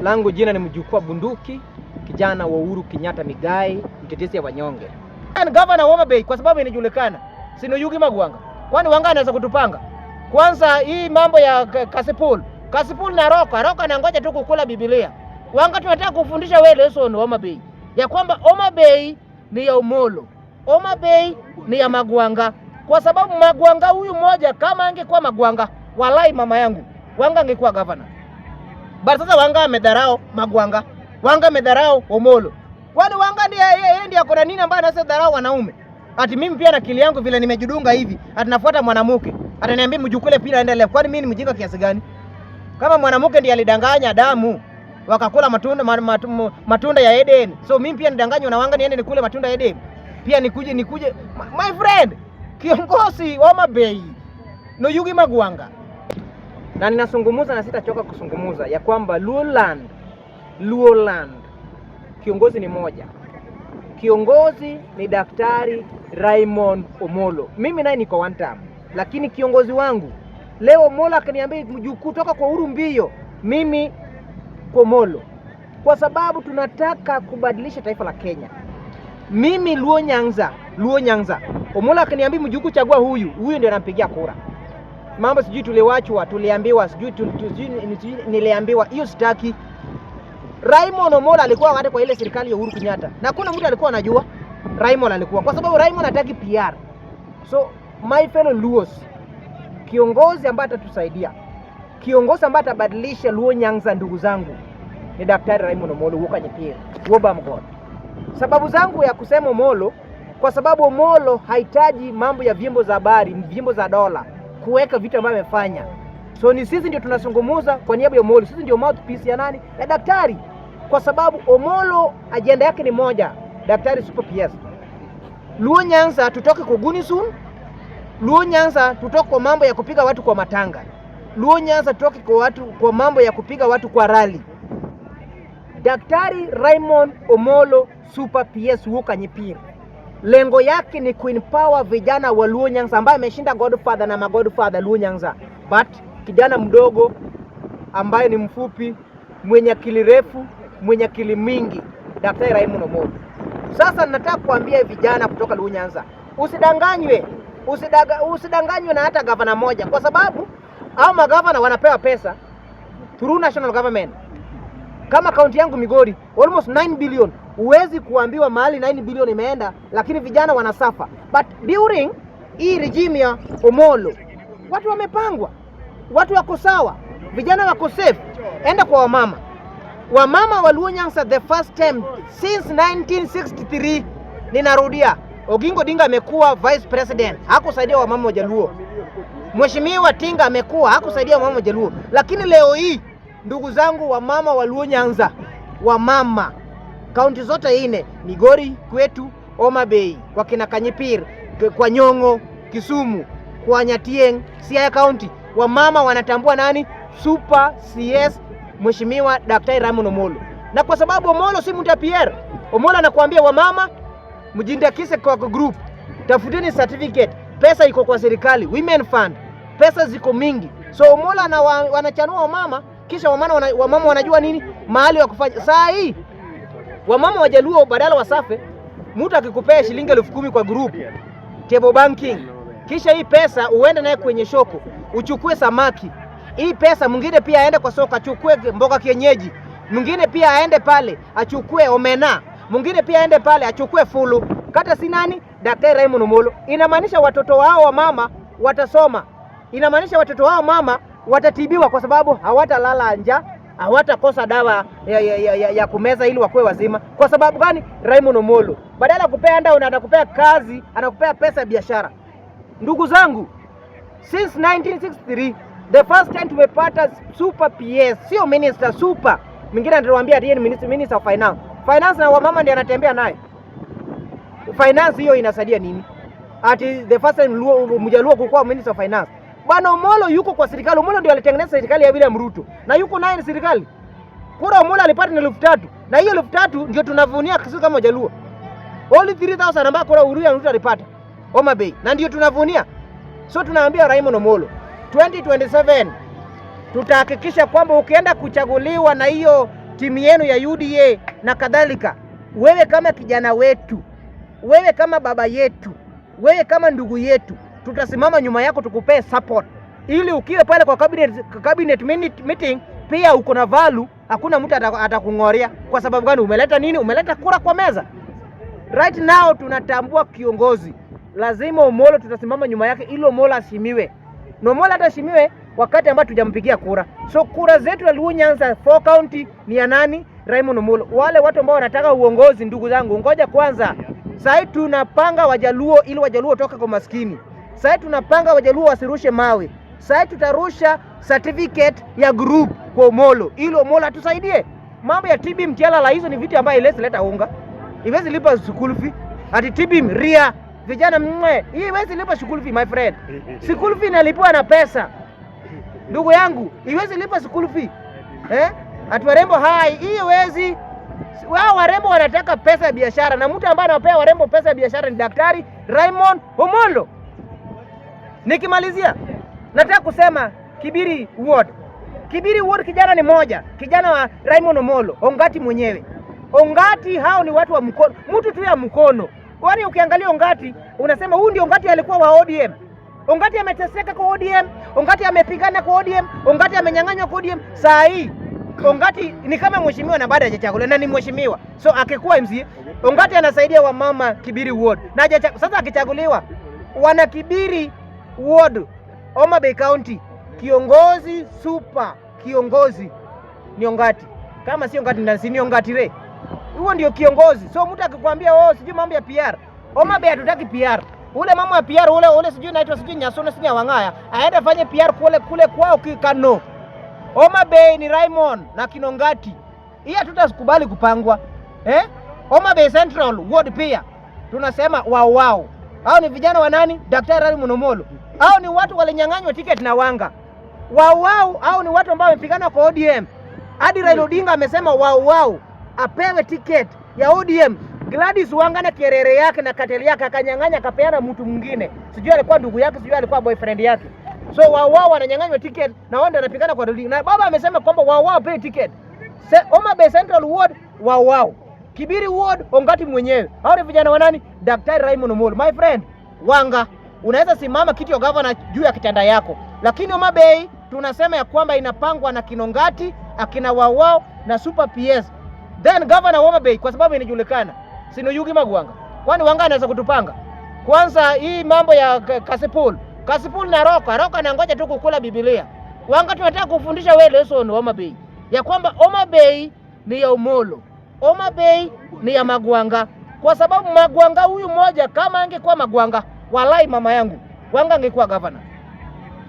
langu jina ni mjukuu bunduki, kijana wa Uhuru Kenyatta Migai, mtetezi ya wanyonge. Gavana wa Homabay kwa sababu inajulikana, si Yugi Magwanga? Kwani wanga anaweza kutupanga? Kwanza hii mambo ya Kasipul, Kasipul na Roka, Roka anangoja tu kukula Biblia. Wanga tunataka kufundisha wewe lesson Homabay ya kwamba Homabay ni ya Omolo, Homabay ni ya Magwanga, kwa sababu Magwanga huyu moja kama angekuwa Magwanga, walai mama yangu wanga angekuwa gavana. But sasa Wanga amedharau Magwanga. Wanga amedharau Omolo. Kwani Wanga ndiye yeye ndiye akona nini ambaye anaweza dharau wanaume? Ati mimi pia na akili yangu vile nimejidunga hivi, ati nafuata mwanamke. Ataniambia mjukule pia aende left. Kwani mimi ni mjinga kiasi gani? Kama mwanamke ndiye alidanganya damu wakakula matunda matunda, matunda ya Eden. So mimi pia nidanganywa na Wanga niende nikule matunda ya Eden. Pia nikuje nikuje my friend, kiongozi wa Mabei. No Yugi Magwanga na ninazungumuza na sitachoka kuzungumuza ya kwamba Luoland, Luoland kiongozi ni moja, kiongozi ni Daktari Raymond Omolo. Mimi naye niko one term, lakini kiongozi wangu leo Omolo akaniambia mjukuu, toka kwa huru mbio, mimi kwa Omolo, kwa sababu tunataka kubadilisha taifa la Kenya. Mimi Luo Nyanza, Luo Nyanza, Omolo akaniambia mjukuu, chagua huyu huyu, ndio anampigia kura mambo sijui tuliwachwa, tuliambiwa sijui niliambiwa hiyo sitaki. Raymond Omolo alikuwa wakati kwa ile serikali ya Uhuru Kenyatta, na kuna mtu alikuwa anajua Raymond alikuwa, kwa sababu Raymond hataki PR. So my fellow Luos, kiongozi ambaye atatusaidia, kiongozi ambaye atabadilisha Luo Nyanza, ndugu zangu, ni Daktari Raymond Omolo huko kwenye PR Wokanyepie Wobamgod. Sababu zangu ya kusema Omolo, kwa sababu Omolo hahitaji mambo ya vyombo za habari, vyombo za dola kuweka vitu ambavyo amefanya. So ni sisi ndio tunazungumza kwa niaba ya Omolo, sisi ndio mouthpiece ya nani ya daktari, kwa sababu Omolo ajenda yake ni moja, daktari super PS. Luo Nyanza tutoke kwa gunisun soon. Luo Nyanza tutoke kwa mambo ya kupiga watu kwa matanga. Luo Nyanza tutoke kwa watu kwa mambo ya kupiga watu kwa rali. Daktari Raymond Omolo super PS huko Nyipiri lengo yake ni kuinpower vijana wa Luo Nyanza ambaye ameshinda Godfather na magodfather Luo Nyanza, but kijana mdogo ambaye ni mfupi, mwenye akili refu, mwenye akili mingi, Daktari Raymond Omondi. Sasa nataka kuambia vijana kutoka Luo Nyanza, usidanganywe, usidaga, usidanganywe na hata gavana moja, kwa sababu au magavana wanapewa pesa through national government kama kaunti yangu Migori almost 9 billion, huwezi kuambiwa mahali 9 billion imeenda, lakini vijana wanasafa. But during hii regime ya Omolo watu wamepangwa, watu wako sawa, vijana wako safe. Enda kwa wamama, wamama Waluo Nyansa, the first time since 1963 ninarudia, Ogingo Dinga amekuwa vice president, hakusaidia wamama wa Jaluo. Mheshimiwa Tinga amekuwa hakusaidia wamama wa Jaluo, lakini leo hii ndugu zangu wamama wa Luo Nyanza, wamama kaunti zote ine, Migori, Kwetu, Homa Bay, kwa kina Kanyipir, kwa Nyong'o, Kisumu, kwa Nyatieng, Siaya kaunti, wamama wanatambua nani super CS Mheshimiwa Daktari Ramon Omolo, na kwa sababu Omolo si mtu Pierre, Omolo anakuambia wamama, mjindakise kwa group, tafuteni certificate, pesa iko kwa serikali, women fund, pesa ziko mingi, so Omolo wanachanua wamama kisha wamama wana, wamama wanajua nini mahali ya kufanya. Saa hii wamama wajaluo badala wasafe, mtu akikupea shilingi elfu kumi kwa group table banking, kisha hii pesa uende naye kwenye shoko uchukue samaki, hii pesa mwingine pia aende kwa soko achukue mboga kienyeji, mwingine pia aende pale achukue omena, mwingine pia aende pale achukue fulu kata si nani Daktari Raymond Omolo. Inamaanisha watoto wao wa mama watasoma, inamaanisha watoto wao mama watatibiwa kwa sababu hawatalala njaa, hawatakosa dawa ya, ya, ya, ya, ya kumeza ili wakuwe wazima. Kwa sababu gani? Raymond Omolo badala ya kupea nda anakupea kazi, anakupea pesa ya biashara. Ndugu zangu, since 1963 the first time tumepata super PS, sio minister, super mwingine anatuambia ndiye ni minister, minister of finance finance, na wamama ndiye anatembea naye finance. Hiyo inasaidia nini? Ati the first time mjaluo kukuwa minister of finance Bwana Omolo yuko kwa serikali. Omolo ndio alitengeneza serikali ya William Ruto na yuko naye ni serikali. Kura Omolo alipata ni elfu tatu na hiyo elfu tatu ndio tunavunia sisi kama Jaluo, only 3000 ambayo kura William Ruto alipata Homa Bay, na ndio tunavunia. So tunaambia Raymond Omolo 2027 tutahakikisha kwamba ukienda kuchaguliwa na hiyo timu yenu ya UDA na kadhalika, wewe kama kijana wetu, wewe kama baba yetu, wewe kama ndugu yetu tutasimama nyuma yako tukupee support ili ukiwe pale kwa cabinet, cabinet meeting pia uko na value. Hakuna mtu atakung'oria kwa sababu gani? Umeleta nini? Umeleta kura kwa meza. Right now tunatambua kiongozi lazima Omolo, tutasimama nyuma yake ili Omolo ashimiwe na Omolo atashimiwe wakati ambao tujampigia kura. So kura zetu ya Luo Nyanza four county ni ya nani? Raymond Omolo. Wale watu ambao wanataka uongozi, ndugu zangu, ngoja kwanza. Sasa tunapanga wajaluo ili wajaluo toka kwa maskini. Sasa tunapanga Wajaluo wasirushe mawe. Sasa tutarusha certificate ya group kwa Omolo ili Omolo atusaidie mambo ya TB mchela la hizo ni vitu ambayo ilezi leta unga iwezi lipa school fee ati TB mria vijana mwe hii iwezi lipa school fee my friend school fee inalipwa na pesa ndugu yangu iwezi lipa school fee eh ati warembo hai hii iwezi wao warembo wanataka pesa ya biashara na mtu ambaye anawapea warembo pesa ya biashara ni daktari Raymond Omolo Nikimalizia nataka kusema Kibiri Ward. Kibiri Ward kijana ni moja, kijana wa Raymond Omolo, Ongati mwenyewe. Ongati hao ni watu wa mkono, mtu tu ya mkono. Kwani ukiangalia Ongati unasema huyu ndio Ongati alikuwa wa ODM. Ongati ameteseka kwa ODM, Ongati amepigana kwa ODM, Ongati amenyang'anywa kwa ODM. Saa hii Ongati ni kama mheshimiwa na baada hajachaguliwa na ni mheshimiwa. So akikuwa MC, Ongati anasaidia wamama Kibiri Ward. Na sasa akichaguliwa wana Kibiri ward Homa Bay County, kiongozi super kiongozi Niongati, kama sio ngati ndasi Niongati re, huo ndio kiongozi. So mtu akikwambia oh, sijui mambo ya PR Homa Bay, hatutaki PR ule mama wa PR ule ule sijui naitwa sijui Nyasone sijui Wang'aya aende afanye PR kule kule kwao kikano. Homa Bay ni Raymond na Kinongati. Hii hatutakubali kupangwa. Eh? Homa Bay Central Ward pia tunasema wao wao. Hao ni vijana wa nani? Daktari Ali Munomolo. Hao ni watu walinyang'anywa tiketi na Wanga wao wao. au ni watu ambao wamepigana kwa ODM hadi Raila Odinga amesema wao wao apewe tiketi ya ODM. Gladys Wanga na kierere yake na kateli yake akanyang'anya akapeana mtu mwingine, sijui alikuwa ndugu yake, sijui alikuwa boyfriend yake. So wao wao wananyang'anywa tiketi na wao ndio wanapigana kwa Raila na baba amesema kwamba wao wao apewe tiketi Homa Bay Central Ward wao wao Kibiri Ward Ongati mwenyewe. Hao ni vijana wanani? Daktari Raymond Omolo. My friend, Wanga, unaweza simama kiti ya governor juu ya kitanda yako. Lakini Homa Bay tunasema ya kwamba inapangwa na Kinongati, akina Wawao na Super PS. Then governor Homa Bay kwa sababu inajulikana. Sinuyugi Magwanga. Kwani Wanga anaweza kutupanga? Kwanza hii mambo ya Kasipul. Kasipul na Roka, Roka na ngoja tu kukula Biblia. Wanga tunataka kufundisha wewe lesson Homa Bay. Ya kwamba Homa Bay ni ya Omolo. Homa Bay ni ya Magwanga, kwa sababu Magwanga huyu mmoja kama angekuwa Magwanga, walai mama yangu Wanga angekuwa gavana.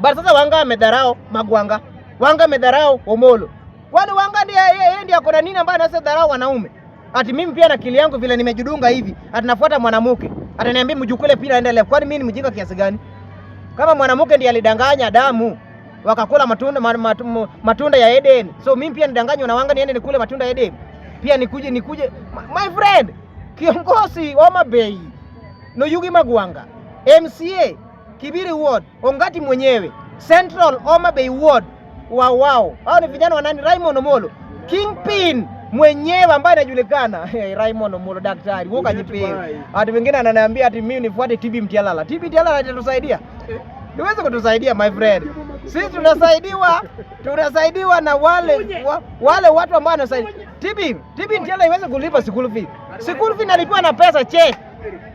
Bali sasa Wanga amedharao Magwanga, Wanga amedharao Omolo, wani Wanga ndiye yeye ndiye akona nini ambaye anaweza dharau wanaume? Ati mimi pia na akili yangu vile nimejidunga hivi, ati nafuata mwanamke, ataniambia mjukule pia pila endelea. Kwani mimi ni mjinga kiasi gani? Kama mwanamke ndiye alidanganya Adamu wakakula matunda, matunda ya Eden. so mimi pia nidanganywe na Wanga niende nikule matunda ya Eden pia nikuje nikuje my friend kiongozi wa Mabei Noyugi Magwanga MCA Kibiri Ward Ongati mwenyewe Central Homa Bay Ward wa wao hao ni vijana wa nani? Raymond Omolo Kingpin mwenyewe ambaye anajulikana hey, Raymond Omolo daktari wao kajipinga. Hata wengine ananiambia ati mimi nifuate TB Mtialala. TB Mtialala atatusaidia. Niweze kutusaidia my friend. Sisi tunasaidiwa tunasaidiwa na wale wa, wale watu ambao wanasaidia Tibi, Tibi Ndiala iweze kulipa school fee. School fee nalipiwa na pesa check.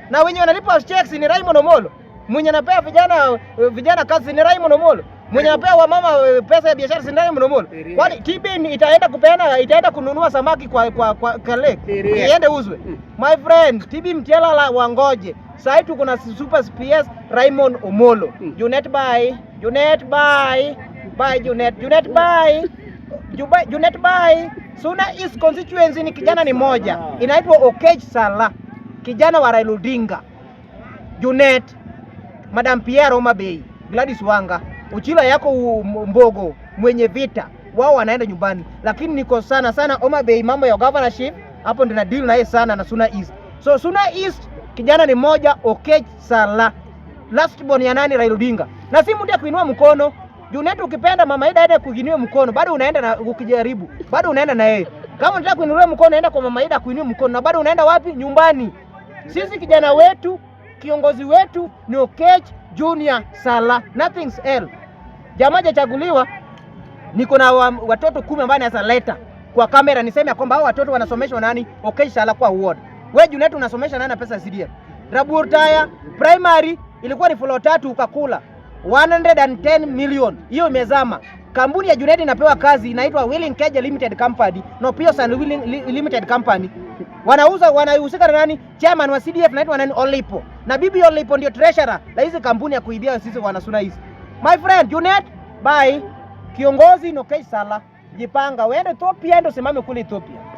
Na wenye wanalipa checks ni Raymond Omolo. Mwenye anapea vijana eh, vijana kazi ni Raymond Omolo. Mwenye anapea wamama eh, pesa ya biashara si Raymond Omolo. Kwani Tibi itaenda kupeana itaenda kununua samaki kwa kwa, kwa kale. Iende uzwe. Hmm. My friend, Tibi Mtiala la wangoje. Sasa tu kuna Super PS Raymond Omolo. Hmm. Junet by Junet by by Junet Junet by Junet Bai, Suna East constituency ni kijana ni moja inaitwa Okech Sala, kijana wa Raila Odinga, Junet, Madam Pierre Homa Bay, Gladys Wanga, Uchila yako Mbogo, mwenye vita wao wanaenda nyumbani, lakini niko sana sana Homa Bay, mambo ya governorship hapo ndio na deal naye sana na Suna East. So Suna East kijana ni moja Okech Sala, last born ya nani? Raila Odinga, na si mtu ya kuinua mkono juu netu ukipenda mama Ida aende kuinua mkono bado unaenda na ukijaribu bado unaenda na yeye. Kama unataka kuinuliwa mkono naenda kwa mama Ida kuinua mkono na bado unaenda wapi? Nyumbani. Sisi kijana wetu kiongozi wetu ni Okech Junior Sala, nothing else. Jamaa hajachaguliwa, niko na watoto kumi ambao naweza leta kwa kamera niseme kwamba hao watoto wanasomeshwa nani? Okech Sala kwa ward. Wewe Junet unasomesha nani na pesa sidia? Rabur taya primary ilikuwa ni floor tatu ukakula 110 million hiyo imezama. Kampuni ya Junaid inapewa kazi inaitwa Willing Cage Limited Company na Pios and Willing Limited Company. Wanauza wanahusika na nani? Chairman wa CDF naitwa nani? Olipo. Na bibi Olipo ndio treasurer la hizi kampuni ya kuibia sisi wanasuna hizi. My friend Junaid, bye. Kiongozi no Sala, jipanga uende Ethiopia, ndio simame kule Ethiopia.